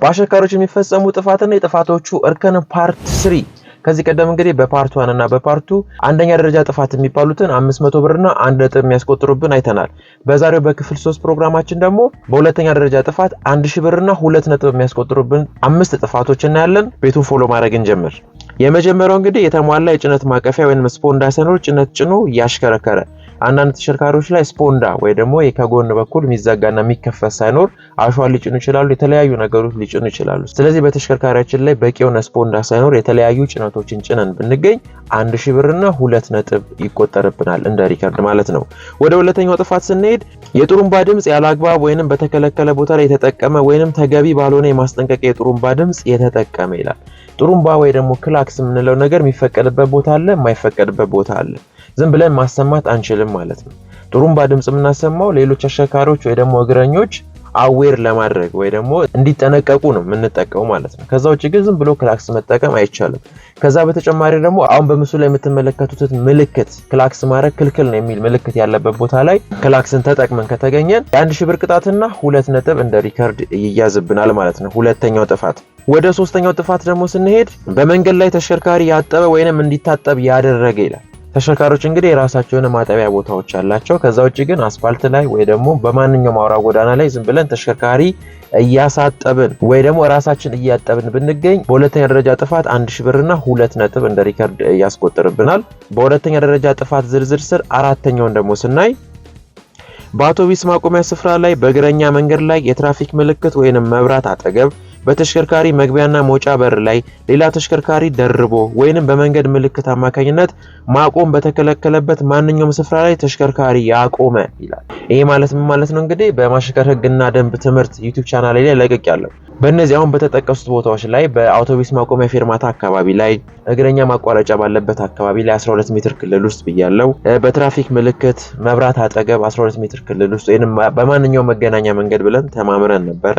በአሽከርካሪዎች የሚፈጸሙ ጥፋትና የጥፋቶቹ እርከን ፓርት ስሪ ከዚህ ቀደም እንግዲህ በፓርት ዋን እና በፓርቱ አንደኛ ደረጃ ጥፋት የሚባሉትን አምስት መቶ ብርና አንድ ነጥብ የሚያስቆጥሩብን አይተናል። በዛሬው በክፍል ሶስት ፕሮግራማችን ደግሞ በሁለተኛ ደረጃ ጥፋት አንድ ሺህ ብርና ሁለት ነጥብ የሚያስቆጥሩብን አምስት ጥፋቶች እናያለን። ቤቱን ፎሎ ማድረግ እንጀምር። የመጀመሪያው እንግዲህ የተሟላ የጭነት ማቀፊያ ወይም ስፖንዳ ጭነት ጭኖ ያሽከረከረ አንዳንድ ተሽከርካሪዎች ላይ ስፖንዳ ወይ ደግሞ ከጎን በኩል የሚዘጋና የሚከፈት ሳይኖር አሸዋ ሊጭኑ ይችላሉ፣ የተለያዩ ነገሮች ሊጭኑ ይችላሉ። ስለዚህ በተሽከርካሪያችን ላይ በቂ የሆነ ስፖንዳ ሳይኖር የተለያዩ ጭነቶችን ጭነን ብንገኝ አንድ ሺህ ብርና ሁለት ነጥብ ይቆጠርብናል እንደ ሪከርድ ማለት ነው። ወደ ሁለተኛው ጥፋት ስንሄድ የጥሩምባ ድምፅ ያለ አግባብ ወይንም በተከለከለ ቦታ ላይ የተጠቀመ ወይንም ተገቢ ባልሆነ የማስጠንቀቂያ የጥሩምባ ድምፅ የተጠቀመ ይላል። ጥሩምባ ወይ ደግሞ ክላክስ የምንለው ነገር የሚፈቀድበት ቦታ አለ፣ የማይፈቀድበት ቦታ አለ። ዝም ብለን ማሰማት አንችልም ማለት ነው። ጥሩምባ ድምጽ የምናሰማው ሌሎች አሽከርካሪዎች ወይ ደግሞ እግረኞች አዌር ለማድረግ ወይ ደግሞ እንዲጠነቀቁ ነው የምንጠቀሙ ማለት ነው። ከዛ ውጭ ግን ዝም ብሎ ክላክስ መጠቀም አይቻልም። ከዛ በተጨማሪ ደግሞ አሁን በምስሉ ላይ የምትመለከቱት ምልክት ክላክስ ማድረግ ክልክል ነው የሚል ምልክት ያለበት ቦታ ላይ ክላክስን ተጠቅመን ከተገኘን የአንድ ሽብር ብር ቅጣትና ሁለት ነጥብ እንደ ሪከርድ ይያዝብናል ማለት ነው። ሁለተኛው ጥፋት ወደ ሶስተኛው ጥፋት ደግሞ ስንሄድ በመንገድ ላይ ተሽከርካሪ ያጠበ ወይንም እንዲታጠብ ያደረገ ይላል። ተሽከርካሪዎች እንግዲህ የራሳቸው የሆነ ማጠቢያ ቦታዎች አላቸው። ከዛ ውጭ ግን አስፋልት ላይ ወይ ደግሞ በማንኛውም አውራ ጎዳና ላይ ዝም ብለን ተሽከርካሪ እያሳጠብን ወይ ደግሞ ራሳችን እያጠብን ብንገኝ በሁለተኛ ደረጃ ጥፋት አንድ ሺ ብርና ሁለት ነጥብ እንደ ሪከርድ ያስቆጥርብናል። በሁለተኛ ደረጃ ጥፋት ዝርዝር ስር አራተኛውን ደግሞ ስናይ በአውቶቢስ ማቆሚያ ስፍራ ላይ፣ በእግረኛ መንገድ ላይ፣ የትራፊክ ምልክት ወይንም መብራት አጠገብ በተሽከርካሪ መግቢያና መውጫ በር ላይ ሌላ ተሽከርካሪ ደርቦ ወይንም በመንገድ ምልክት አማካኝነት ማቆም በተከለከለበት ማንኛውም ስፍራ ላይ ተሽከርካሪ ያቆመ ይላል። ይሄ ማለት ምን ማለት ነው? እንግዲህ በማሽከርከር ህግና ደንብ ትምህርት ዩቲዩብ ቻናል ላይ ለቅቅ ያለው በእነዚህ አሁን በተጠቀሱት ቦታዎች ላይ በአውቶቡስ ማቆሚያ ፌርማታ አካባቢ ላይ፣ እግረኛ ማቋረጫ ባለበት አካባቢ ላይ 12 ሜትር ክልል ውስጥ ብያለው። በትራፊክ ምልክት መብራት አጠገብ 12 ሜትር ክልል ውስጥ ወይም በማንኛውም መገናኛ መንገድ ብለን ተማምረን ነበረ።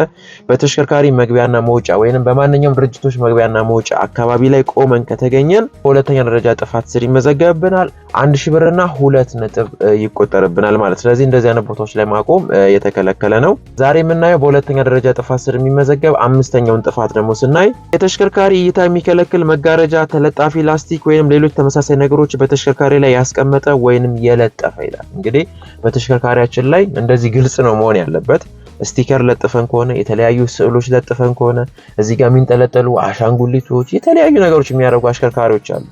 በተሽከርካሪ መግቢያና መውጫ ወይም በማንኛውም ድርጅቶች መግቢያና መውጫ አካባቢ ላይ ቆመን ከተገኘን በሁለተኛ ደረጃ ጥፋት ስር ይመዘገብብናል። አንድ ሺህ ብርና ሁለት ነጥብ ይቆጠርብናል ማለት ስለዚህ እንደዚህ አይነት ቦታዎች ላይ ማቆም የተከለከለ ነው። ዛሬ የምናየው በሁለተኛ ደረጃ ጥፋት ስር የሚመዘገብ መርከብ አምስተኛውን ጥፋት ደግሞ ስናይ የተሽከርካሪ እይታ የሚከለክል መጋረጃ፣ ተለጣፊ ላስቲክ ወይም ሌሎች ተመሳሳይ ነገሮች በተሽከርካሪ ላይ ያስቀመጠ ወይንም የለጠፈ ይላል። እንግዲህ በተሽከርካሪያችን ላይ እንደዚህ ግልጽ ነው መሆን ያለበት። ስቲከር ለጥፈን ከሆነ የተለያዩ ስዕሎች ለጥፈን ከሆነ እዚህ ጋር የሚንጠለጠሉ አሻንጉሊቶች፣ የተለያዩ ነገሮች የሚያደርጉ አሽከርካሪዎች አሉ።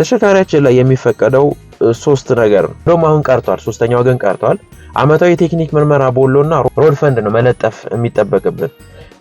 ተሽከርካሪያችን ላይ የሚፈቀደው ሶስት ነገር ነው። እንደውም አሁን ቀርቷል፣ ሶስተኛው ግን ቀርቷል። አመታዊ የቴክኒክ ምርመራ ቦሎና ሮድ ፈንድ ነው መለጠፍ የሚጠበቅብን።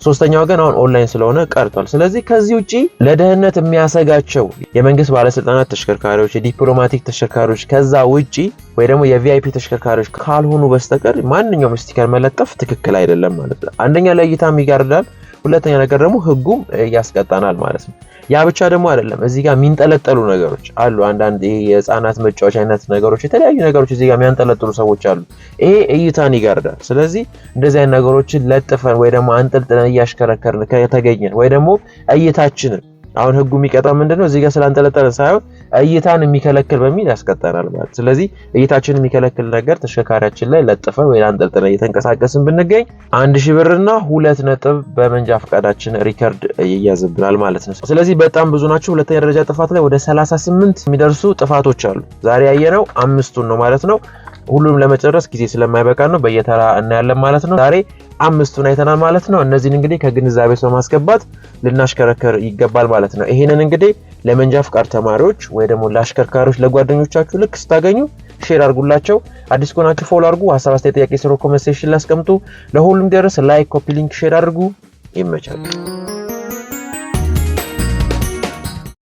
ሶስተኛው ወገን አሁን ኦንላይን ስለሆነ ቀርቷል። ስለዚህ ከዚህ ውጪ ለደህንነት የሚያሰጋቸው የመንግስት ባለስልጣናት ተሽከርካሪዎች፣ የዲፕሎማቲክ ተሽከርካሪዎች ከዛ ውጪ ወይ ደግሞ የቪአይፒ ተሽከርካሪዎች ካልሆኑ በስተቀር ማንኛውም ስቲከር መለጠፍ ትክክል አይደለም ማለት ነው። አንደኛ ለእይታም ይጋርዳል፣ ሁለተኛ ነገር ደግሞ ህጉም ያስቀጣናል ማለት ነው። ያ ብቻ ደግሞ አይደለም። እዚህ ጋር የሚንጠለጠሉ ነገሮች አሉ። አንዳንድ ይሄ የህፃናት መጫወቻ አይነት ነገሮች፣ የተለያዩ ነገሮች እዚህ ጋር የሚያንጠለጥሉ ሰዎች አሉ። ይሄ እይታን ይጋርዳል። ስለዚህ እንደዚህ አይነት ነገሮችን ለጥፈን ወይ ደግሞ አንጠልጥለን እያሽከረከርን ከተገኘን ወይ ደግሞ እይታችንን አሁን ህጉ የሚቀጣው ምንድነው? እዚህ ጋር ስላንጠለጠለን ሳይሆን እይታን የሚከለክል በሚል ያስቀጠናል ማለት። ስለዚህ እይታችንን የሚከለክል ነገር ተሽከርካሪያችን ላይ ለጥፈ ወይ አንጠልጥለን እየተንቀሳቀስን ብንገኝ አንድ ሺህ ብርና ሁለት ነጥብ በመንጃ ፈቃዳችን ሪከርድ ይያዝብናል ማለት ነው። ስለዚህ በጣም ብዙ ናቸው። ሁለተኛ ደረጃ ጥፋት ላይ ወደ 38 የሚደርሱ ጥፋቶች አሉ። ዛሬ ያየነው አምስቱን ነው ማለት ነው። ሁሉም ለመጨረስ ጊዜ ስለማይበቃ ነው በየተራ እናያለን ማለት ነው። ዛሬ አምስቱን አይተናል ማለት ነው። እነዚህን እንግዲህ ከግንዛቤ ሰው ማስገባት ልናሽከረከር ይገባል ማለት ነው። ይሄንን እንግዲህ ለመንጃ ፍቃድ ተማሪዎች ወይ ደግሞ ለአሽከርካሪዎች ለጓደኞቻችሁ ልክ ስታገኙ ሼር አድርጉላቸው። አዲስ ከሆናችሁ ፎሎ አድርጉ። ሀሳብ አስተያየት፣ ጥያቄ ስሮ ኮመንት ሴክሽን ላይ ለሁሉም ደረስ ላይክ፣ ኮፒ ሊንክ ሼር አድርጉ። ይመቻል።